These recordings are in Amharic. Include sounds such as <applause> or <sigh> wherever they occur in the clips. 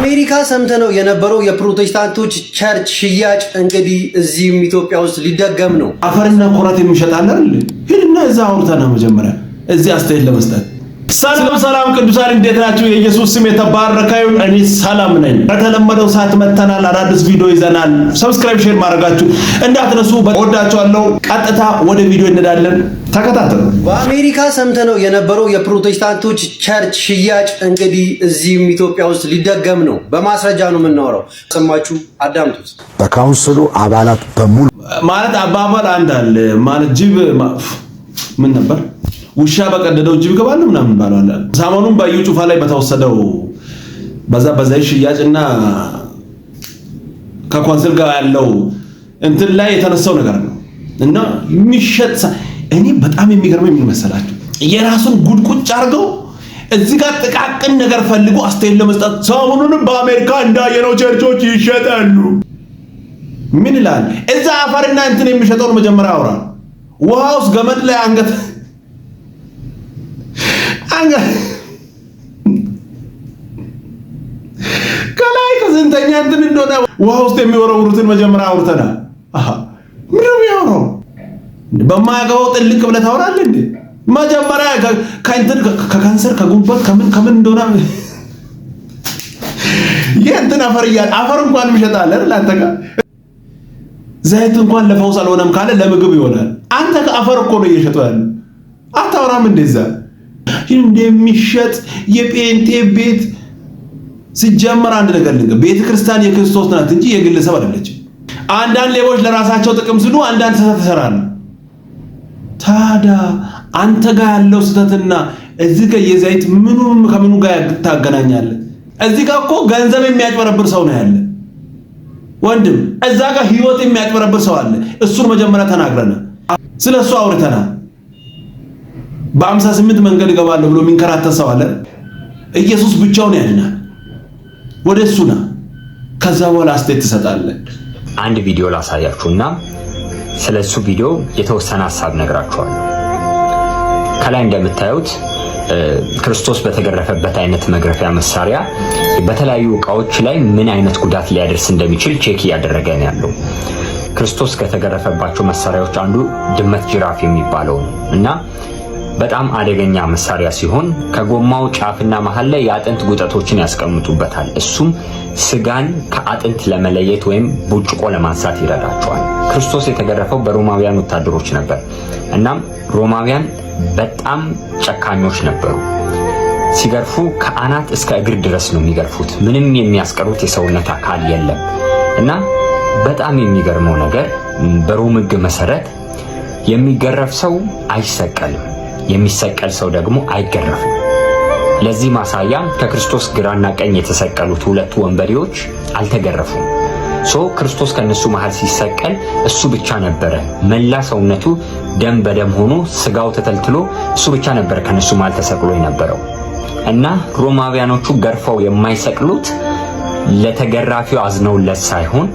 አሜሪካ ነው የነበረው የፕሮቴስታንቶች ቸርች ሽያጭ እንግዲህ እዚህም ኢትዮጵያ ውስጥ ሊደገም ነው። አፈርና ኩራት የሚሸጥ አለ ሂድና እዛ አውርተና መጀመሪያ እዚህ አስተያየት ለመስጠት ሰላም ሰላም፣ ቅዱሳን እንዴት ናችሁ? የኢየሱስ ስም የተባረከ ይሁን። እኔ ሰላም ነኝ። በተለመደው ሰዓት መተናል፣ አዳዲስ ቪዲዮ ይዘናል። ሰብስክራይብ፣ ሼር ማድረጋችሁ እንዳትነሱ። ወዳችኋለሁ። ቀጥታ ወደ ቪዲዮ እንዳለን ተከታተሉ። በአሜሪካ ሰምተነው የነበረው የፕሮቴስታንቶች ቸርች ሽያጭ እንግዲህ እዚህም ኢትዮጵያ ውስጥ ሊደገም ነው። በማስረጃ ነው የምናወራው። ሰማችሁ? አዳምጡት። በካውንስሉ አባላት በሙሉ ማለት አባባል አንድ አለ ማለት ጅብ ምን ነበር ውሻ በቀደደው ጅብ ይገባል ምናምን ባለዋል። ሰሞኑን ባዩ ጩፋ ላይ በተወሰደው በዛ በዛ ሽያጭና ከኮንሰል ጋር ያለው እንትን ላይ የተነሳው ነገር ነው እና የሚሸጥ እኔ በጣም የሚገርመው ምን መሰላችሁ? የራሱን ጉድቁጭ አድርገው እዚህ ጋር ጥቃቅን ነገር ፈልጎ አስተያየት ለመስጠት ሰሞኑንም በአሜሪካ እንዳየነው ቸርቾች ይሸጣሉ። ምን ይላል? እዛ አፈርና እንትን የሚሸጠውን መጀመሪያ አውራ ውሃ ውስጥ ገመድ ላይ አንገት ከላይ ከስንተኛ እንትን እንደሆነ ውሃ ውስጥ የሚወረውሩትን መጀመሪያ አውርተናል። ምንም ያውረው በማያገባው ጥልቅ ብለህ ታወራለህ እንዴ? መጀመሪያ ከእንትን ከካንሰር ከጉበት ከምን ከምን እንደሆነ የእንትን አፈር እያለ አፈር እንኳን ይሸጣል አይደል? አንተ ጋር ዘይት እንኳን ለፈውስ አልሆነም ካለ ለምግብ ይሆናል። አንተ አፈር እኮ ነው እየሸጠው ያለ አታውራም እንደዛ እንደሚሸጥ የጴንጤ ቤት ሲጀመር አንድ ነገር ልንገ ቤተ ክርስቲያን የክርስቶስ ናት እንጂ የግለሰብ አይደለችም። አንዳንድ ሌቦች ለራሳቸው ጥቅም ሲሉ አንዳንድ ስህተት ይሰራሉ። ታዲያ አንተ ጋር ያለው ስህተትና እዚህ ጋር የዘይት ምኑ ከምኑ ጋር ታገናኛለህ? እዚህ ጋር እኮ ገንዘብ የሚያጭበረብር ሰው ነው ያለ ወንድም፣ እዛ ጋር ህይወት የሚያጭበረብር ሰው አለ። እሱን መጀመሪያ ተናግረናል፣ ስለሱ አውርተናል። በአምሳ ስምንት መንገድ እገባለሁ ብሎ የሚንከራተት ሰው አለ። ኢየሱስ ብቻውን ያድናል። ወደ እሱ ና፣ ከዛ በኋላ አስተያየት ትሰጣለህ። አንድ ቪዲዮ ላሳያችሁና ስለ እሱ ቪዲዮ የተወሰነ ሀሳብ ነግራችኋል። ከላይ እንደምታዩት ክርስቶስ በተገረፈበት አይነት መግረፊያ መሳሪያ በተለያዩ እቃዎች ላይ ምን አይነት ጉዳት ሊያደርስ እንደሚችል ቼክ እያደረገ ነው ያለው። ክርስቶስ ከተገረፈባቸው መሳሪያዎች አንዱ ድመት ጅራፍ የሚባለው ነው እና በጣም አደገኛ መሳሪያ ሲሆን ከጎማው ጫፍና መሃል ላይ የአጥንት ጉጠቶችን ያስቀምጡበታል። እሱም ስጋን ከአጥንት ለመለየት ወይም ቡጭቆ ለማንሳት ይረዳቸዋል። ክርስቶስ የተገረፈው በሮማውያን ወታደሮች ነበር። እናም ሮማውያን በጣም ጨካኞች ነበሩ። ሲገርፉ ከአናት እስከ እግር ድረስ ነው የሚገርፉት። ምንም የሚያስቀሩት የሰውነት አካል የለም እና በጣም የሚገርመው ነገር በሮም ሕግ መሰረት የሚገረፍ ሰው አይሰቀልም። የሚሰቀል ሰው ደግሞ አይገረፍም። ለዚህ ማሳያ ከክርስቶስ ግራና ቀኝ የተሰቀሉት ሁለቱ ወንበዴዎች አልተገረፉም። ሶ ክርስቶስ ከነሱ መሃል ሲሰቀል እሱ ብቻ ነበረ። መላ ሰውነቱ ደም በደም ሆኖ ስጋው ተተልትሎ እሱ ብቻ ነበረ ከነሱ መሃል ተሰቅሎ የነበረው እና ሮማውያኖቹ ገርፈው የማይሰቅሉት ለተገራፊው አዝነውለት ሳይሆን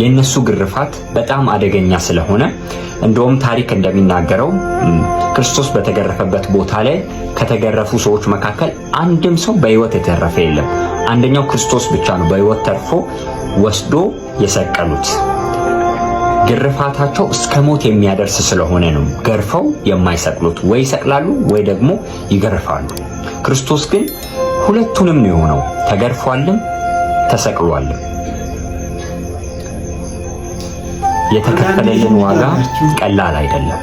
የእነሱ ግርፋት በጣም አደገኛ ስለሆነ እንደውም ታሪክ እንደሚናገረው ክርስቶስ በተገረፈበት ቦታ ላይ ከተገረፉ ሰዎች መካከል አንድም ሰው በሕይወት የተረፈ የለም። አንደኛው ክርስቶስ ብቻ ነው በሕይወት ተርፎ ወስዶ የሰቀሉት። ግርፋታቸው እስከ ሞት የሚያደርስ ስለሆነ ነው ገርፈው የማይሰቅሉት። ወይ ይሰቅላሉ ወይ ደግሞ ይገርፋሉ። ክርስቶስ ግን ሁለቱንም ነው የሆነው፣ ተገርፏልም ተሰቅሏልም። የተከፈለልን ዋጋ ቀላል አይደለም።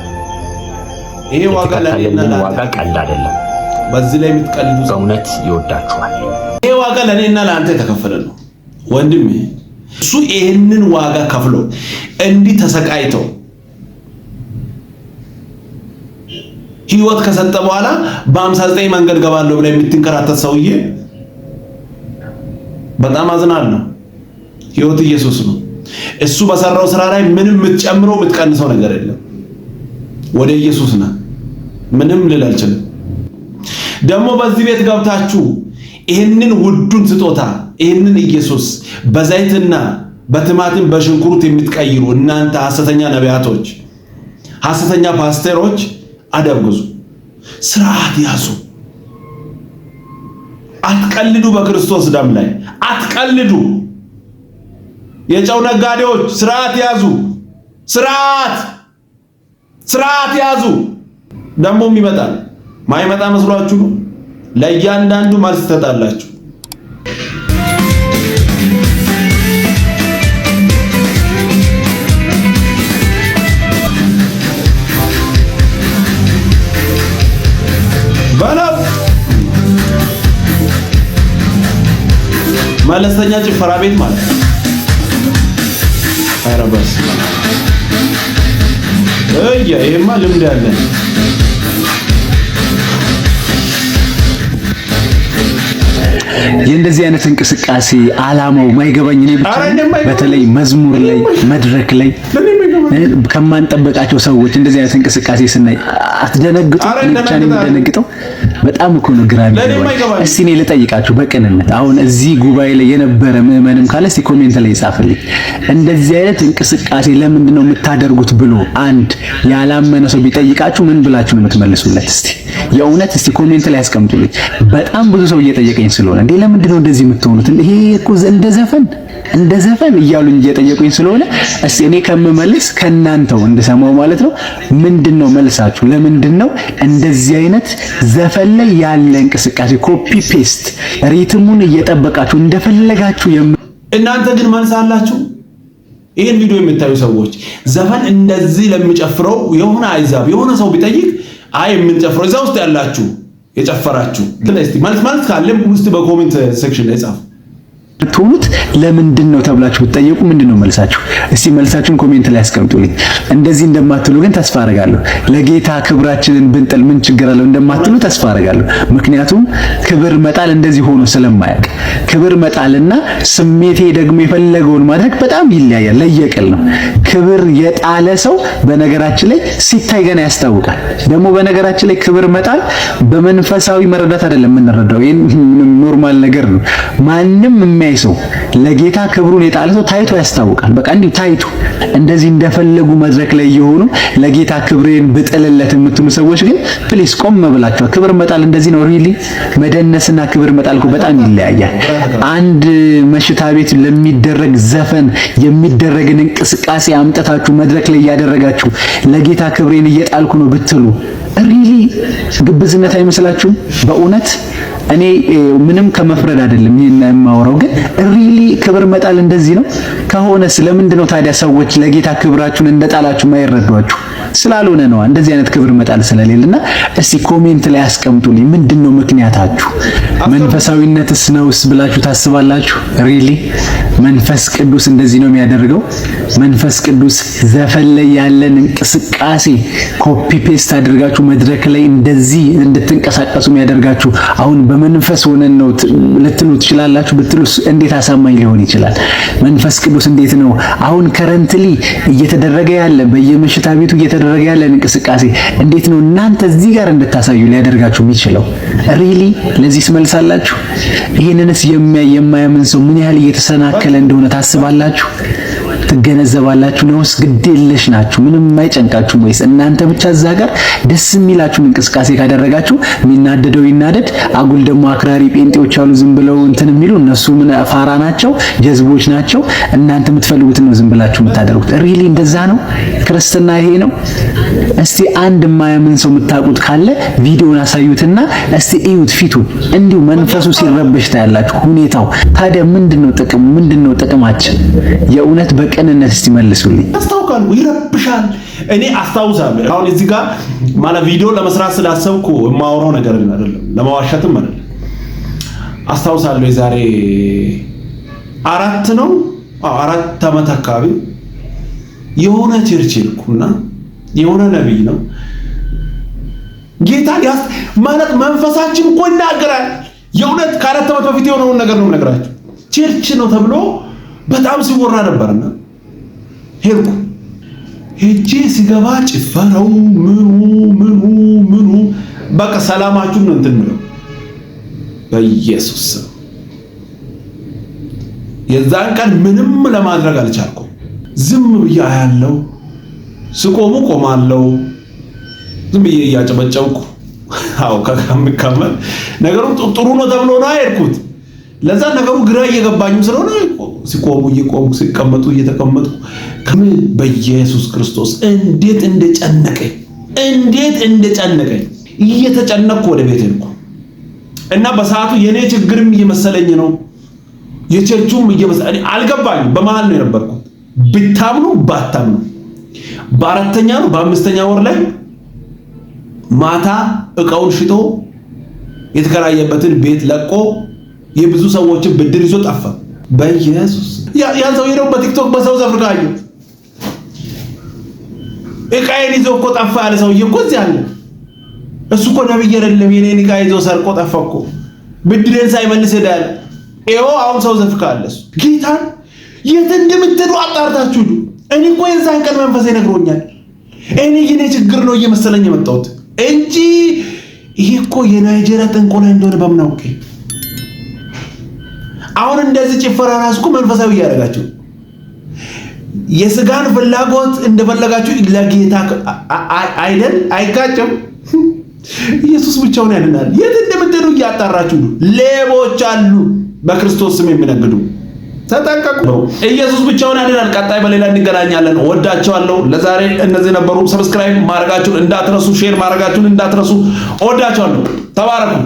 ይሄ ዋጋ ለኔና ዋጋ ቀላል አይደለም። በዚህ ላይ የምትቀልዱ በእውነት ይወዳችኋል። ይሄ ዋጋ ለኔና ለአንተ የተከፈለ ነው ወንድም። እሱ ይህንን ዋጋ ከፍሎ እንዲህ ተሰቃይተው ህይወት ከሰጠ በኋላ በ59 መንገድ ገባለሁ ብላ የምትንከራተት ሰውዬ በጣም አዝናለሁ። ህይወት ኢየሱስ ነው። እሱ በሰራው ስራ ላይ ምንም የምትጨምረው የምትቀንሰው ነገር የለም። ወደ ኢየሱስ ና። ምንም ልል አልችልም። ደግሞ በዚህ ቤት ገብታችሁ ይህንን ውዱን ስጦታ ይህንን ኢየሱስ በዘይትና በትማትን በሽንኩርት የምትቀይሩ እናንተ ሐሰተኛ ነቢያቶች፣ ሐሰተኛ ፓስተሮች አደብግዙ ስርዓት ያዙ። አትቀልዱ፣ በክርስቶስ ደም ላይ አትቀልዱ። የጨው ነጋዴዎች ስርዓት ያዙ፣ ስርዓት ስርዓት ያዙ። ደግሞም ይመጣል። ማይመጣ መስሏችሁ ነው። ለእያንዳንዱ መልስ ትሰጣላችሁ። መለስተኛ ጭፈራ ቤት ማለት ነው። ኧረ በስመ አብ ይሄማ ልምድ ያለን የእንደዚህ አይነት እንቅስቃሴ አላማው ማይገባኝ እኔ ብቻ በተለይ መዝሙር ላይ መድረክ ላይ ከማንጠበቃቸው ሰዎች እንደዚህ አይነት እንቅስቃሴ ስናይ አትደነግጡ? ብቻ ነው የምደነግጠው። በጣም እኮ ነው ግራ የሚገባኝ። እስቲ እኔ ልጠይቃችሁ በቅንነት አሁን እዚህ ጉባኤ ላይ የነበረ ምዕመንም ካለ እስቲ ኮሜንት ላይ ይጻፍልኝ። እንደዚህ አይነት እንቅስቃሴ ለምንድን ነው የምታደርጉት ብሎ አንድ ያላመነ ሰው ቢጠይቃችሁ ምን ብላችሁ ነው የምትመልሱለት? እስቲ የእውነት እስቲ ኮሜንት ላይ አስቀምጡልኝ። በጣም ብዙ ሰው እየጠየቀኝ ስለሆነ እንዴ ለምንድን ነው እንደዚህ የምትሆኑት? ይሄ እኮ እንደ ዘፈን እንደ ዘፈን እያሉኝ እየጠየቁኝ ስለሆነ እስቲ እኔ ከምመልስ ከእናንተው እንድሰማው ማለት ነው። ምንድን ነው መልሳችሁ? ለምንድን ነው እንደዚህ አይነት ዘፈን ላይ ያለ እንቅስቃሴ ኮፒ ፔስት ሪትሙን እየጠበቃችሁ እንደፈለጋችሁ እናንተ ግን መልስ አላችሁ። ይህን ቪዲዮ የምታዩ ሰዎች ዘፈን እንደዚህ ለሚጨፍረው የሆነ አይዛብ የሆነ ሰው ቢጠይቅ አይ የምንጨፍረው እዛ ውስጥ ያላችሁ የጨፈራችሁ ማለት ማለት ካለም ውስጥ በኮሜንት ሴክሽን ላይ ጻፉ። ብትሆኑት ለምንድን ነው ተብላችሁ ብትጠየቁ ምንድን ነው መልሳችሁ? እስቲ መልሳችሁን ኮሜንት ላይ አስቀምጡልኝ። እንደዚህ እንደማትሉ ግን ተስፋ አረጋለሁ። ለጌታ ክብራችንን ብንጥል ምን ችግር አለው እንደማትሉ ተስፋ አረጋለሁ። ምክንያቱም ክብር መጣል እንደዚህ ሆኖ ስለማያውቅ ክብር መጣልና ስሜቴ ደግሞ የፈለገውን ማድረግ በጣም ይለያያል። ለየቅል ነው። ክብር የጣለ ሰው በነገራችን ላይ ሲታይ ገና ያስታውቃል። ደግሞ በነገራችን ላይ ክብር መጣል በመንፈሳዊ መረዳት አይደለም የምንረዳው፣ ይሄን ኖርማል ነገር ነው። ማንም የሚያይ ሰው ለጌታ ክብሩን የጣለ ሰው ታይቶ ያስታውቃል። በቃ እንዲሁ ታይቶ እንደዚህ እንደፈለጉ መድረክ ላይ እየሆኑ ለጌታ ክብሬን ብጥልለት የምትሉ ሰዎች ግን ፕሊስ ቆም ብላችኋል። ክብር መጣል እንደዚህ ነው። ሪሊ መደነስና ክብር መጣል በጣም ይለያያል። አንድ መሽታ ቤት ለሚደረግ ዘፈን የሚደረግን እንቅስቃሴ አምጠታችሁ መድረክ ላይ እያደረጋችሁ ለጌታ ክብሬን እየጣልኩ ነው ብትሉ ሪሊ ግብዝነት አይመስላችሁም በእውነት? እኔ ምንም ከመፍረድ አይደለም ይሄን የማወራው፣ ግን ሪሊ ክብር መጣል እንደዚህ ነው ከሆነ ስለምንድን ነው ታዲያ ሰዎች ለጌታ ክብራችሁን እንደጣላችሁ ማይረዷችሁ? ስላልሆነ ነው እንደዚህ አይነት ክብር መጣል ስለሌለና፣ እስቲ ኮሜንት ላይ አስቀምጡልኝ። ምንድን ነው ምክንያታችሁ? መንፈሳዊነትስ ነውስ ብላችሁ ታስባላችሁ? ሪሊ መንፈስ ቅዱስ እንደዚህ ነው የሚያደርገው? መንፈስ ቅዱስ ዘፈን ላይ ያለን እንቅስቃሴ ኮፒ ፔስት አድርጋችሁ መድረክ ላይ እንደዚህ እንድትንቀሳቀሱ የሚያደርጋችሁ አሁን በ በመንፈስ ሆነን ነው ልትሉ ትችላላችሁ ብትሉስ እንዴት አሳማኝ ሊሆን ይችላል? መንፈስ ቅዱስ እንዴት ነው አሁን ከረንትሊ እየተደረገ ያለ በየመሽታ ቤቱ እየተደረገ ያለ እንቅስቃሴ እንዴት ነው እናንተ እዚህ ጋር እንድታሳዩ ሊያደርጋችሁ የሚችለው? ሪሊ ለዚህ ስመልሳላችሁ? አላችሁ? ይህንንስ የሚያይ የማያምን ሰው ምን ያህል እየተሰናከለ እንደሆነ ታስባላችሁ? ትገነዘባላችሁ። ለውስ ግድ የለሽ ናችሁ? ምንም አይጨንቃችሁም ወይስ? እናንተ ብቻ እዛ ጋር ደስ የሚላችሁ እንቅስቃሴ ካደረጋችሁ፣ የሚናደደው ይናደድ። አጉል ደግሞ አክራሪ ጴንጤዎች አሉ፣ ዝም ብለው እንትን የሚሉ እነሱ ምን ፋራ ናቸው፣ ጀዝቦች ናቸው። እናንተ የምትፈልጉት ነው ዝም ብላችሁ የምታደርጉት። ሪሊ እንደዛ ነው ክርስትና? ይሄ ነው። እስቲ አንድ የማያምን ሰው የምታውቁት ካለ ቪዲዮን አሳዩትና እስቲ እዩት ፊቱን፣ እንዲሁ መንፈሱ ሲረበሽ ታያላችሁ ሁኔታው። ታዲያ ምንድነው ጥቅም ምንድነው ጥቅማችን የእውነት በቂ በቅንነት እስቲ መልሱልኝ። ያስታውቃሉ፣ ይረብሻል። እኔ አስታውሳለሁ። አሁን እዚህ ጋር ማለት ቪዲዮ ለመስራት ስላሰብኩ የማወራው ነገር አይደለም፣ ለማዋሸትም አይደለም። አስታውሳለሁ የዛሬ አራት ነው አራት ዓመት አካባቢ የሆነ ቸርች ልኩና የሆነ ነቢይ ነው ጌታ ያስ ማለት መንፈሳችን እኮ ይናገራል። የእውነት ከአራት ዓመት በፊት የሆነውን ነገር ነው የምነግራችሁ። ቸርች ነው ተብሎ በጣም ሲወራ ነበርና ሄድኩ። ሄጄ ሲገባ ጭፈረው ምኑ ምኑ ምኑ በቃ ሰላማችሁ ነው እንትን ምለው በኢየሱስ የዛን ቀን ምንም ለማድረግ አልቻልኩም። ዝም ብዬ አያለው፣ ስቆሙ ቆማለው፣ ዝም ብዬ እያጨበጨብኩ <laughs> አው ከካምካመል ነገሩ ጥሩ ነው ተብሎ ነው የሄድኩት። ለዛ ነገሩ ግራ እየገባኝም ስለሆነ ሲቆሙ እየቆሙ ሲቀመጡ እየተቀመጡ ከም በኢየሱስ ክርስቶስ እንዴት እንደጨነቀኝ እንዴት እንደጨነቀኝ እየተጨነቅኩ ወደ ቤት ልኩ እና በሰዓቱ የኔ ችግርም እየመሰለኝ ነው የቸርቹም እየመሰለኝ አልገባኝ። በመሃል ነው የነበርኩት። ብታምኑ ባታምኑ በአራተኛ ነው በአምስተኛ ወር ላይ ማታ እቃውን ሽጦ የተከራየበትን ቤት ለቆ የብዙ ሰዎችን ብድር ይዞ ጠፋ። በኢየሱስ ያን ሰውዬ ደግሞ በቲክቶክ በሳውዝ አፍሪካ አየሁት። እቃዬን ይዞ እኮ ጠፋ ያለ ሰውዬ እኮ እዚህ አለ። እሱ እኮ ነብይ አይደለም፣ የኔን እቃ ይዞ ሰርቆ ጠፋ እኮ ብድሬን ሳይመልስ ሄደ ያለ። አሁን ሰው አፍሪካ አለ። እሱ የት እንደምትሉ አጣርታችሁ ሂዱ። እኔ እኮ የዛን ቀን መንፈስ ይነግሮኛል። እኔ የኔ ችግር ነው እየመሰለኝ የመጣሁት እንጂ ይሄ እኮ የናይጄሪያ ጥንቆላ እንደሆነ በምን አውቄ አሁን እንደዚህ ጭፈራ ራሱ እኮ መንፈሳዊ እያደረጋችሁ የስጋን ፍላጎት እንደፈለጋችሁ ለጌታ አይደል? አይጋጭም። <laughs> ኢየሱስ ብቻውን ያድናል። የት እንደምትሄዱ እያጣራችሁ ነው። ሌቦች አሉ በክርስቶስ ስም የሚነግዱ ተጠንቀቁ። ኢየሱስ ብቻውን ያድናል። ቀጣይ በሌላ እንገናኛለን። ወዳቸዋለሁ። ለዛሬ እነዚህ ነበሩ። ሰብስክራይብ ማድረጋችሁን እንዳትረሱ፣ ሼር ማድረጋችሁን እንዳትረሱ። ወዳቸዋለሁ። ተባረኩ።